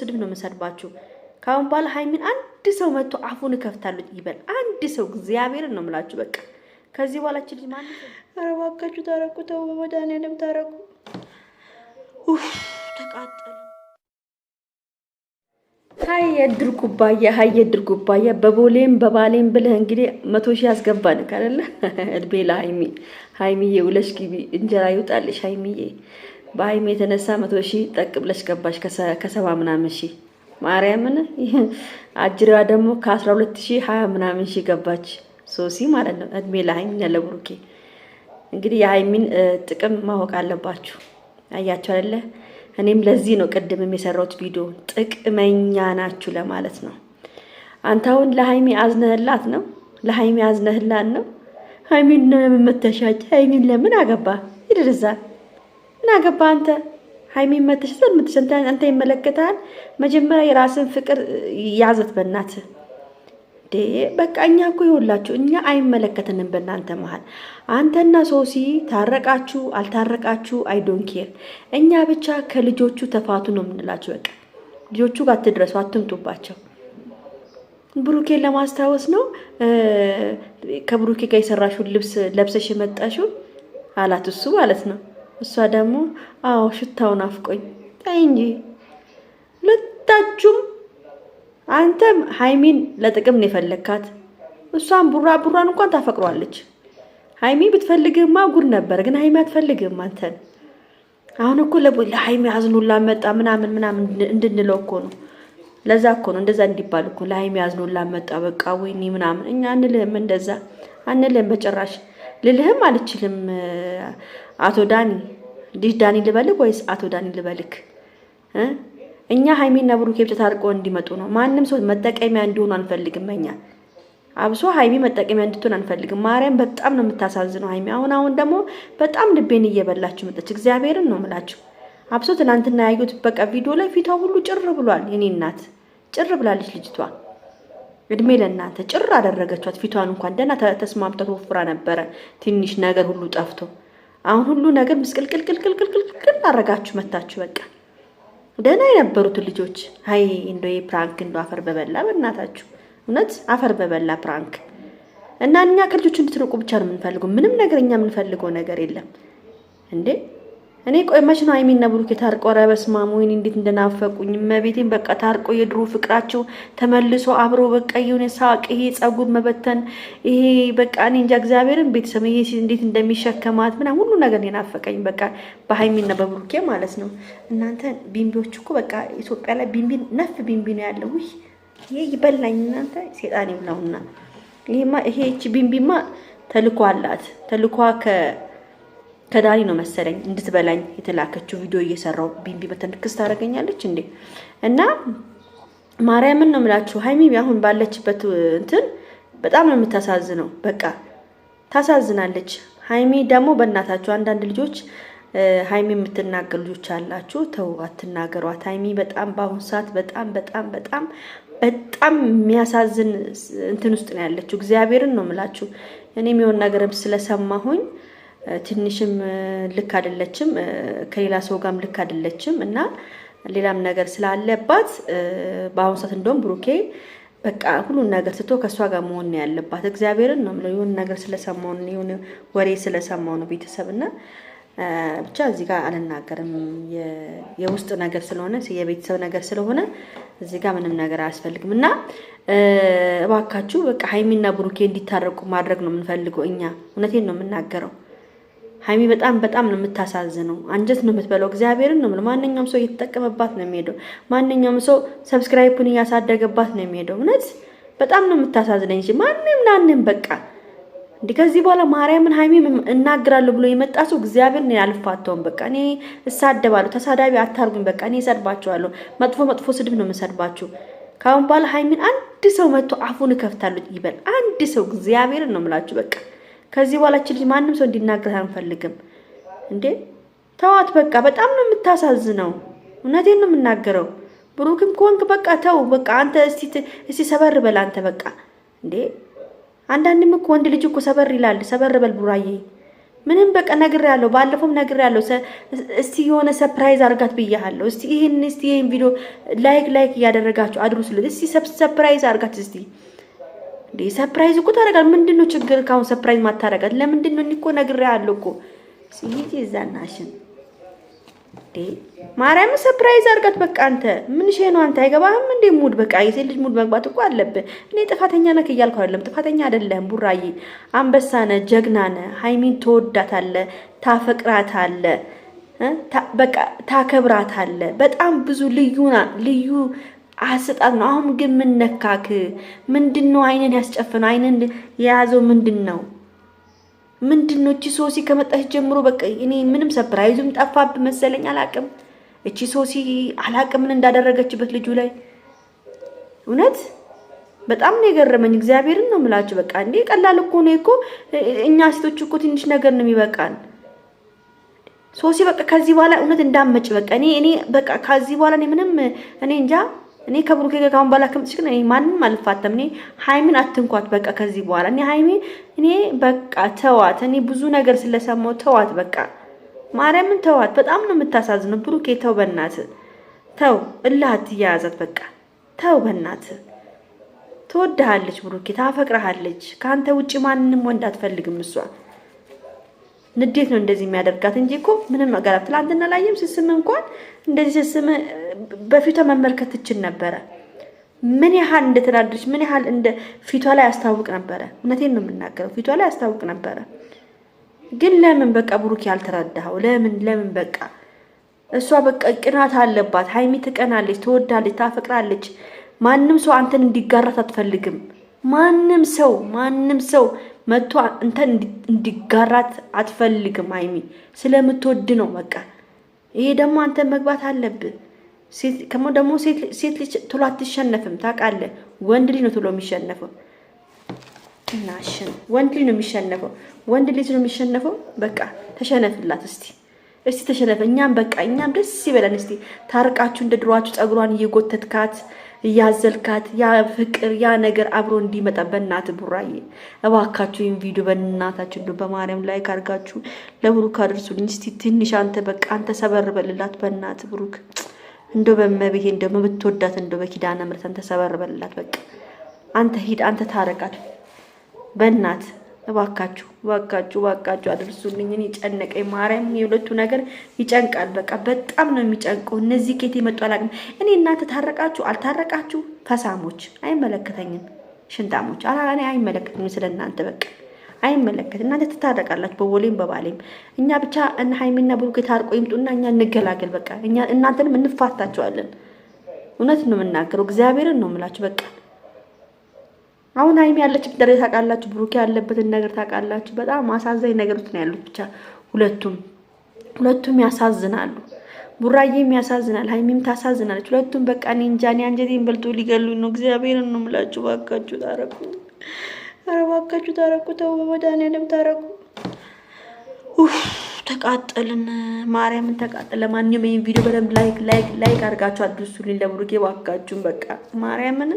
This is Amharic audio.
ስድብ ነው የምሰድባችሁ። ከአሁን በኋላ ሀይሚን አንድ ሰው መጥቶ አፉን እከፍታለሁ ይበል። አንድ ሰው እግዚአብሔርን ነው የምላችሁ። በቃ ከዚህ በኋላ ችል ማ እባካችሁ ታረቁ፣ ተው በመድኃኒዓለም ታረቁ። ተቃጠሉ። ሀይ የድር ኩባያ፣ ሀይ የድር ኩባያ በቦሌም በባሌም ብለህ እንግዲህ መቶ ሺህ ያስገባን ካለለ እድሜ ለሀይሚ ሀይሚዬ፣ ውለሽ ግቢ፣ እንጀራ ይውጣልሽ ሀይሚዬ። በአይም የተነሳ መቶ ሺ ጠቅ ብለሽ ገባሽ ከሰባ ምናምን ሺ ማርያምን አጅሪዋ ደግሞ ከአስራ ሁለት ሺ ሀያ ምናምን ሺ ገባች ሶሲ ማለት ነው። እድሜ ለሀይሚ ያለ ለብሩኬ እንግዲህ የሀይሚን ጥቅም ማወቅ አለባችሁ። አያችሁ አይደለ? እኔም ለዚህ ነው ቅድምም የሰራሁት ቪዲዮ ጥቅመኛ ናችሁ ለማለት ነው። አንተ አሁን ለሀይሚ አዝነህላት ነው፣ ለሀይሚ አዝነህላት ነው። ሀይሚን ለምን መተሻች? ሀይሚን ለምን አገባ? ይድርዛል ምን አገባ አንተ ሀይሚ መተሽ ዘምትሽ አንተ ይመለከታል። መጀመሪያ የራስን ፍቅር ያዘት በእናት በቃ እኛ እኮ ይኸውላችሁ እኛ አይመለከተንም በእናንተ መሀል። አንተና ሶሲ ታረቃችሁ አልታረቃችሁ አይዶንኬር እኛ ብቻ ከልጆቹ ተፋቱ ነው የምንላችሁ። በቃ ልጆቹ ጋር አትድረሱ፣ አትምጡባቸው። ብሩኬን ለማስታወስ ነው ከብሩኬ ጋር የሰራሹን ልብስ ለብሰሽ የመጣሹ አላት እሱ ማለት ነው እሷ ደግሞ አዎ ሽታውን አፍቆኝ ታይ እንጂ ሁለታችሁም አንተም ሀይሚን ለጥቅም ነው የፈለግካት። እሷን ቡራ ቡራን እንኳን ታፈቅሯለች። ሀይሚ ብትፈልግህማ ጉድ ነበር፣ ግን ሀይሚ አትፈልግህም አንተን። አሁን እኮ ለሀይሚ አዝኖላ መጣ ምናምን ምናምን እንድንለው እኮ ነው። ለዛ እኮ ነው እንደዛ እንዲባል እኮ ለሀይሚ አዝኖላ መጣ በቃ ወይኔ ምናምን። እኛ አንልህም፣ እንደዛ አንልህም፣ በጭራሽ ልልህም አልችልም አቶ ዳኒ ዲህ ዳኒ ልበልክ ወይስ አቶ ዳኒ ልበልክ? እኛ ሀይሚና ብሩኬ ብቻ ታርቆ እንዲመጡ ነው። ማንም ሰው መጠቀሚያ እንዲሆኑ አንፈልግም። እኛ አብሶ ሀይሚ መጠቀሚያ እንድትሆን አንፈልግም። ማርያም በጣም ነው የምታሳዝነው ሀይሚ። አሁን አሁን ደግሞ በጣም ልቤን እየበላችሁ መጣች። እግዚአብሔርን ነው ምላችሁ። አብሶ ትናንትና ያዩት በቃ ቪዲዮ ላይ ፊቷ ሁሉ ጭር ብሏል። የኔ እናት ጭር ብላለች ልጅቷ። እድሜ ለእናንተ ጭር አደረገችዋት ፊቷን እንኳን ደህና ተስማምታ ተወፍራ ነበረ። ትንሽ ነገር ሁሉ ጠፍቶ አሁን ሁሉ ነገር ምስቅልቅልቅልቅልቅልቅል አረጋችሁ መታችሁ። በቃ ደህና የነበሩትን ልጆች ሀይ እንደ ፕራንክ እንደ አፈር በበላ በእናታችሁ እውነት አፈር በበላ ፕራንክ እና እኛ ከልጆቹ እንድትርቁ ብቻ ነው የምንፈልገው። ምንም ነገር እኛ የምንፈልገው ነገር የለም እንዴ እኔ ቆይ መች ነው ሀይሚና ብሩኬ ታርቆ? ኧረ በስመ አብ ወይኔ እንዴት እንደናፈቁኝ መቤቴን። በቃ ታርቆ የድሮ ፍቅራቸው ተመልሶ አብሮ በቃ ይሁን ሳቅ፣ ይሄ ጸጉር መበተን፣ ይሄ በቃ እኔ እንጃ እግዚአብሔርን ቤተሰብ ይሄ እንዴት እንደሚሸከማት ምናምን ሁሉ ነገር የናፈቀኝ በቃ በሀይሚና በብሩኬ ማለት ነው። እናንተ ቢምቢዎች እኮ በቃ ኢትዮጵያ ላይ ቢምቢ ነፍ ቢምቢ ነው ያለው። ይህ ይሄ ይበላኝ እናንተ ሴጣን ይብላውና ይሄማ ይሄ ቢምቢማ ተልኮ አላት ተልኮ ከ ከዳኒ ነው መሰለኝ እንድትበላኝ የተላከችው ቪዲዮ እየሰራው ቢንቢ በተንክስ ታደርገኛለች እንዴ! እና ማርያምን ነው የምላችሁ ሀይሚ አሁን ባለችበት እንትን በጣም ነው የምታሳዝነው። በቃ ታሳዝናለች። ሀይሚ ደግሞ በእናታችሁ አንዳንድ ልጆች ሀይሚ የምትናገር ልጆች አላችሁ፣ ተው አትናገሯት። ሀይሚ በጣም በአሁን ሰዓት በጣም በጣም በጣም በጣም የሚያሳዝን እንትን ውስጥ ነው ያለችው። እግዚአብሔርን ነው የምላችሁ እኔ የሚሆን ነገርም ስለሰማሁኝ ትንሽም ልክ አይደለችም፣ ከሌላ ሰው ጋርም ልክ አይደለችም እና ሌላም ነገር ስላለባት በአሁኑ ሰዓት እንደውም ብሩኬ በቃ ሁሉን ነገር ትቶ ከእሷ ጋር መሆን ያለባት። እግዚአብሔርን ነው የምለው የሆነ ነገር ስለሰማሁ ነው የሆነ ወሬ ስለሰማሁ ነው ቤተሰብ እና ብቻ እዚህ ጋር አልናገርም። የውስጥ ነገር ስለሆነ የቤተሰብ ነገር ስለሆነ እዚህ ጋር ምንም ነገር አያስፈልግም እና እባካችሁ በቃ ሀይሚና ብሩኬ እንዲታረቁ ማድረግ ነው የምንፈልገው እኛ። እውነቴን ነው የምናገረው። ሀይሚ በጣም በጣም ነው የምታሳዝነው። አንጀት ነው የምትበለው። እግዚአብሔርን ነው ማንኛውም ሰው እየተጠቀመባት ነው የሚሄደው። ማንኛውም ሰው ሰብስክራይቡን እያሳደገባት ነው የሚሄደው። እውነት በጣም ነው የምታሳዝነኝ። ማንም ናንም በቃ እንዲ ከዚህ በኋላ ማርያምን ሀይሚ እናግራለሁ ብሎ የመጣ ሰው እግዚአብሔር ነው ያልፋተውም። በቃ እኔ እሳደባለሁ። ተሳዳቢ አታርጉኝ። በቃ እኔ እሰድባችኋለሁ። መጥፎ መጥፎ ስድብ ነው የምሰድባችሁ። ከአሁን በኋላ ሀይሚን አንድ ሰው መጥቶ አፉን እከፍታለሁ ይበል። አንድ ሰው እግዚአብሔርን ነው የምላችሁ በቃ ከዚህ በኋላ እቺ ልጅ ማንም ሰው እንዲናገር አንፈልግም። እንዴ ተዋት በቃ በጣም ነው የምታሳዝነው። እውነቴን ነው የምናገረው። ብሩክም ከወንክ በቃ ተው በቃ አንተ እስቲ ሰበር በል አንተ በቃ እንዴ አንዳንድም እኮ ወንድ ልጅ እኮ ሰበር ይላል። ሰበር በል ቡራዬ። ምንም በቃ ያለው ባለፈውም ያለው እስቲ የሆነ ሰፕራይዝ አድርጋት ብያሃለሁ። እስቲ ይህን እስቲ ይህን ቪዲዮ ላይክ ላይክ እያደረጋችሁ አድሩስልን። እስቲ ሰፕራይዝ አድርጋት እስቲ ሰርፕራይዝ እኮ ምንድን ነው ችግር? ካሁን ሰርፕራይዝ ማታደርጋት ለምንድን ነው? እኔ እኮ ነግሬሃለሁ እኮ ሲሂት ይዛናሽን ማርያም ሰርፕራይዝ አድርጋት። በቃ አንተ ምን ሸይ ነው አንተ አይገባህም እንዴ? ሙድ በቃ የሴት ልጅ ሙድ መግባት እኮ አለብህ። እኔ ጥፋተኛ ነህ እያልኩ አይደለም፣ ጥፋተኛ አይደለህም። ቡራዬ አንበሳ ነህ፣ ጀግና ነህ። ሃይሚን ትወዳታለህ፣ ታፈቅራታለህ፣ በቃ ታከብራታለህ። በጣም ብዙ ልዩና ልዩ አስጣት ነው። አሁን ግን ምን ነካክ? ምንድን ነው አይንን ያስጨፈነው? አይንን የያዘው ምንድን ነው? ምንድን ነው? እቺ ሶሲ ከመጣች ጀምሮ በቃ እኔ ምንም ሰፕራይዙም ጠፋብ መሰለኝ። አላቅም እቺ ሶሲ አላቅምን ምን እንዳደረገችበት ልጁ ላይ እውነት በጣም ነው የገረመኝ። እግዚአብሔርን ነው የምላችሁ። በቃ እንዴ ቀላል እኮ ነው እኮ እኛ ሴቶች እኮ ትንሽ ነገር ነው የሚበቃን። ሶሲ በቃ ከዚህ በኋላ እውነት እንዳመጭ በቃ እኔ እኔ በቃ ከዚህ በኋላ እኔ ምንም እኔ እንጃ እኔ ከብሩኬ ጋር ካሁን በኋላ ከምጥሽ ግን እኔ ማንም አልፋተም። እኔ ሀይሚን አትንኳት በቃ ከዚህ በኋላ እኔ ሀይሚ እኔ በቃ ተዋት። እኔ ብዙ ነገር ስለሰማው ተዋት በቃ ማርያምን ተዋት። በጣም ነው የምታሳዝነው። ብሩኬ ተው በናት ተው፣ እልህ አትያያዛት በቃ ተው በናት። ትወድሃለች ብሩኬ፣ ታፈቅረሃለች። ከአንተ ውጭ ማንንም ወንድ አትፈልግም እሷ። ንዴት ነው እንደዚህ የሚያደርጋት እንጂ እኮ ምንም ነገር ትላንትና ላይም ስስም እንኳን እንደዚህ ስስም በፊቷ መመልከት ትችል ነበረ። ምን ያህል እንደተናደደች ምን ያህል እንደ ፊቷ ላይ ያስታውቅ ነበረ። እውነቴን ነው የምናገረው፣ ፊቷ ላይ ያስታውቅ ነበረ። ግን ለምን በቃ ብሩክ ያልተረዳኸው ለምን ለምን በቃ እሷ በቃ ቅናት አለባት። ሀይሚ ትቀናለች፣ ትወዳለች፣ ታፈቅራለች። ማንም ሰው አንተን እንዲጋራት አትፈልግም። ማንም ሰው ማንም ሰው መጥቶ እንተ እንዲጋራት አትፈልግም ሀይሚ ስለምትወድ ነው በቃ። ይሄ ደግሞ አንተ መግባት አለብህ። ከሞ ደግሞ ሴት ልጅ ቶሎ አትሸነፍም ታውቃለህ። ወንድ ልጅ ነው ቶሎ የሚሸነፈው። እናሽን ወንድ ልጅ ነው የሚሸነፈው። ወንድ ልጅ ነው የሚሸነፈው። በቃ ተሸነፍላት እስቲ እስቲ ተሸነፈ። እኛም በቃ እኛም ደስ ይበለን እስቲ ታርቃችሁ እንደ ድሯችሁ ጸጉሯን እየጎተትካት እያዘልካት ያ ፍቅር ያ ነገር አብሮ እንዲመጣ በእናት ቡራዬ እባካችሁ ይህን ቪዲዮ በእናታችን ነው በማርያም ላይ ካርጋችሁ ለብሩክ አድርሱልኝ እስቲ ትንሽ። አንተ በቃ አንተ ሰበር በልላት በእናት ብሩክ እንዶ በመብሄ እንደ በምትወዳት እንዶ በኪዳነ ምሕረት አንተ ሰበር በልላት በቃ አንተ ሂድ፣ አንተ ታረቃት በእናት እባካችሁ እባካችሁ እባካችሁ አድርሱልኝ። እኔ ጨነቀኝ። ማርያም የሁለቱ ነገር ይጨንቃል። በቃ በጣም ነው የሚጨንቀው። እነዚህ ኬት የመጡ አላውቅም። እኔ እናንተ ታረቃችሁ አልታረቃችሁ፣ ፈሳሞች አይመለከተኝም፣ ሽንጣሞች እኔ አይመለከተኝም። ስለ እናንተ በቃ አይመለከት እናንተ ትታረቃላችሁ፣ በቦሌም በባሌም። እኛ ብቻ እነ ሀይሚና ብሩክ ታርቆ ይምጡና እኛ እንገላገል። በቃ እኛ እናንተንም እንፋታቸዋለን። እውነት ነው የምናገረው። እግዚአብሔርን ነው የምላችሁ በቃ አሁን ሀይሚ ያለችበት ደረጃ ታውቃላችሁ፣ ብሩኬ ያለበትን ነገር ታውቃላችሁ። በጣም አሳዛኝ ነገር ውስጥ ነው ያሉት። ብቻ ሁለቱም ሁለቱም ያሳዝናሉ። ቡራዬም ያሳዝናል፣ ሀይሚም ታሳዝናለች። ሁለቱም በቃ እኔ እንጃ፣ እኔ አንጀቴን በልቶ ሊገሉ ነው። እግዚአብሔር ነው የምላችሁ። እባካችሁ ታረቁ፣ ኧረ እባካችሁ ታረቁ። ተው በመድኃኒዓለም ታረቁ። ተቃጠልን፣ ማርያምን ተቃጠል። ለማንኛውም ይህን ቪዲዮ በደንብ ላይክ ላይክ ላይክ አድርጋችሁ አድርሱልኝ። ለብሩኬ እባካችሁን በቃ ማርያምን